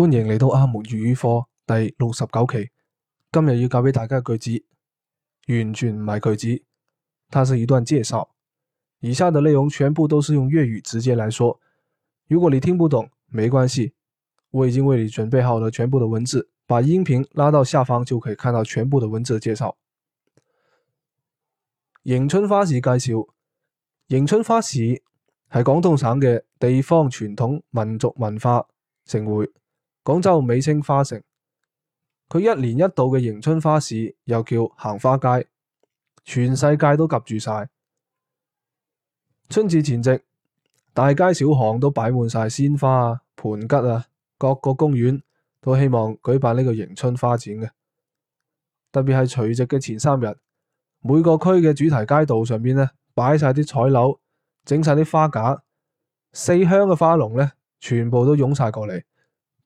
歡迎嚟到阿門粵語課第六十九期。今日要教俾大家句子，完全唔係句子，它是一段介紹。以下的內容全部都是用粵語直接來說。如果你聽不懂，沒關係，我已經為你準備好了全部的文字，把音頻拉到下方就可以看到全部的文字的介紹。迎春花市介紹，迎春花市係廣東省嘅地方傳統民俗文化盛會。廣州美稱花城，佢一年一度嘅迎春花市，又叫行花街，全世界都及住晒。春節前夕，大街小巷都擺滿晒鮮花啊、盆桔啊，各個公園都希望舉辦呢個迎春花展嘅。特別係除夕嘅前三日，每個區嘅主題街道上邊呢，擺晒啲彩樓，整晒啲花架，四鄉嘅花農呢，全部都湧晒過嚟。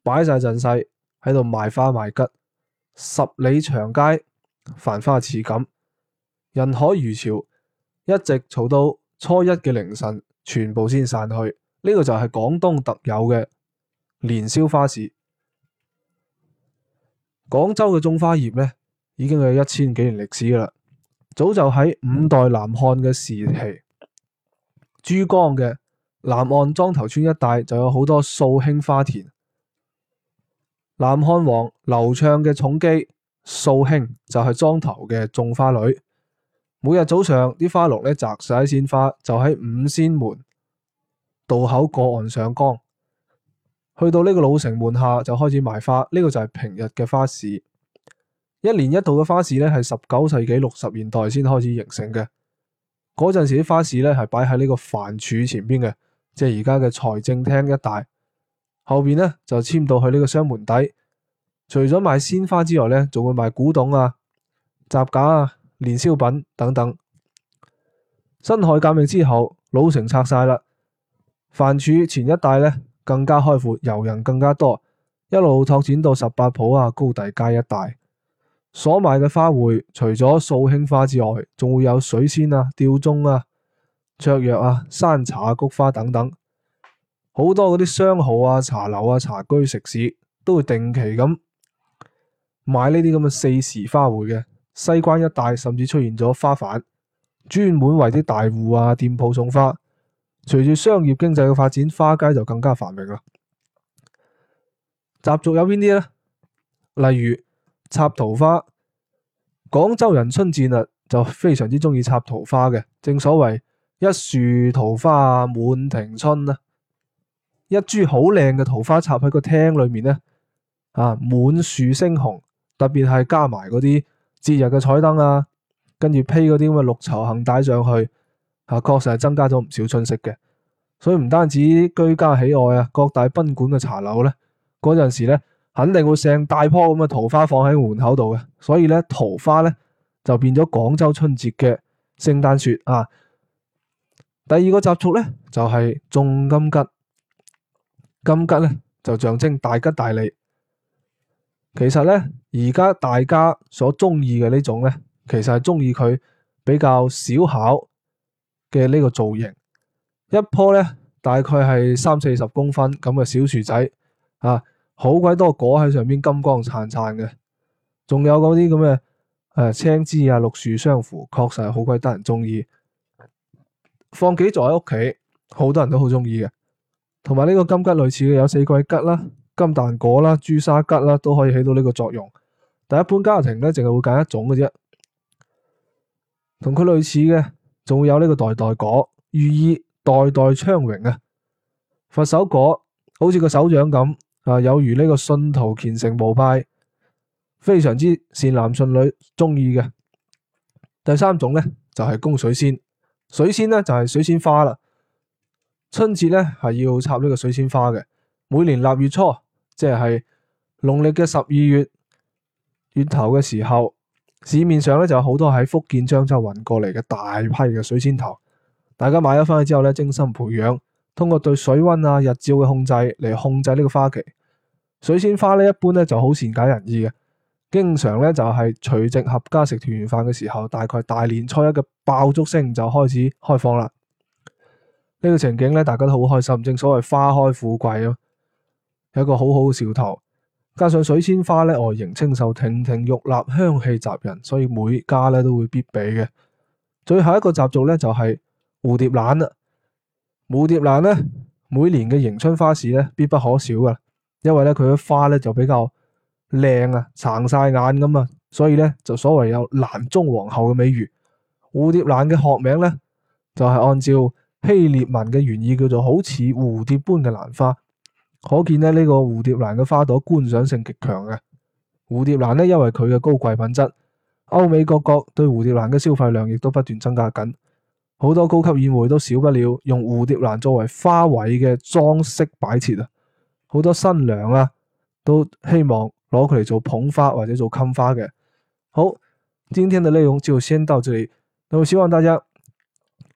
擺晒陣勢，喺度賣花賣桔，十里長街繁花似錦，人海如潮，一直嘈到初一嘅凌晨，全部先散去。呢、這個就係廣東特有嘅年宵花市。廣州嘅種花業呢，已經有一千幾年歷史㗎啦，早就喺五代南漢嘅時期，珠江嘅南岸莊頭村一帶就有好多素馨花田。南漢王劉悵嘅寵姬素馨就係莊頭嘅種花女，每日早上啲花農咧摘晒鮮花，就喺五仙門渡口過岸上江，去到呢個老城門下就開始賣花。呢、這個就係平日嘅花市，一年一度嘅花市咧係十九世紀六十年代先開始形成嘅。嗰陣時啲花市咧係擺喺呢個藩署前邊嘅，即係而家嘅財政廳一帶。後面呢就簽到遷到去呢個雙門底，除咗賣鮮花之外呢，仲會賣古董啊、雜架啊、年宵品等等。辛亥革命之後，老城拆晒啦，藩署前一帶呢更加開闊，遊人更加多，一路拓展到十八甫啊、高第街一帶。所賣嘅花卉除咗素馨花之外，仲會有水仙啊、吊鐘啊、芍藥啊、山茶、菊花等等。多好多嗰啲商號啊、茶樓啊、茶居食肆都會定期咁買呢啲咁嘅四時花卉嘅。西關一帶甚至出現咗花販，專門為啲大戶啊、店鋪送花。隨住商業經濟嘅發展，花街就更加繁榮啦。習俗有邊啲呢？例如插桃花，廣州人春節啊就非常之中意插桃花嘅，正所謂一樹桃花滿庭春啦、啊。一株好靚嘅桃花插喺個廳裏面咧，啊滿樹猩紅，特別係加埋嗰啲節日嘅彩燈啊，跟住披嗰啲咁嘅綠綢橫帶上去，吓、啊、確實係增加咗唔少春色嘅。所以唔單止居家喜愛啊，各大賓館嘅茶樓咧，嗰陣時咧肯定會成大棵咁嘅桃花放喺門口度嘅。所以咧，桃花咧就變咗廣州春節嘅聖誕樹啊。第二個習俗咧就係、是、種金桔。金桔咧就象徵大吉大利。其實咧，而家大家所中意嘅呢種咧，其實係中意佢比較小巧嘅呢個造型。一棵咧大概係三四十公分咁嘅小樹仔，啊，好鬼多果喺上邊金光燦燦嘅。仲有嗰啲咁嘅誒青枝啊，綠樹相扶，確實係好鬼得人中意。放幾座喺屋企，好多人都好中意嘅。同埋呢個金桔類似嘅有四季桔啦、金蛋果啦、朱砂桔啦，都可以起到呢個作用。但一般家庭咧，淨係會揀一種嘅啫。同佢類似嘅，仲會有呢個代代果，寓意代代昌榮啊。佛手果好似個手掌咁，啊有如呢個信徒虔誠無拜，非常之善男信女中意嘅。第三種咧就係供水仙，水仙咧就係水仙花啦。春節咧係要插呢個水仙花嘅，每年臘月初，即係農曆嘅十二月月頭嘅時候，市面上咧就有好多喺福建漳州運過嚟嘅大批嘅水仙頭，大家買咗翻去之後咧，精心培養，通過對水溫啊、日照嘅控制嚟控制呢個花期。水仙花咧一般咧就好善解人意嘅，經常咧就係除夕合家食團圓飯嘅時候，大概大年初一嘅爆竹聲就開始開放啦。呢個情景咧，大家都好開心，正所謂花開富貴咯，有一個好好嘅兆頭。加上水仙花咧，外形清秀，亭亭玉立，香氣襲人，所以每家咧都會必備嘅。最後一個習俗咧就係蝴蝶蘭啦。蝴蝶蘭咧，每年嘅迎春花市咧必不可少噶，因為咧佢嘅花咧就比較靚啊，撐曬眼咁啊，所以咧就所謂有蘭中皇后嘅美譽。蝴蝶蘭嘅學名咧就係按照。希臘文嘅原意叫做好似蝴蝶般嘅蘭花，可見咧呢、呢個蝴蝶蘭嘅花朵觀賞性極強嘅、啊。蝴蝶蘭咧，因為佢嘅高貴品質，歐美各國對蝴蝶蘭嘅消費量亦都不斷增加緊，好多高級宴會都少不了用蝴蝶蘭作為花卉嘅裝飾擺設啊！好多新娘啊，都希望攞佢嚟做捧花或者做襟花嘅。好，今天嘅內容就先到這裏，咁希望大家。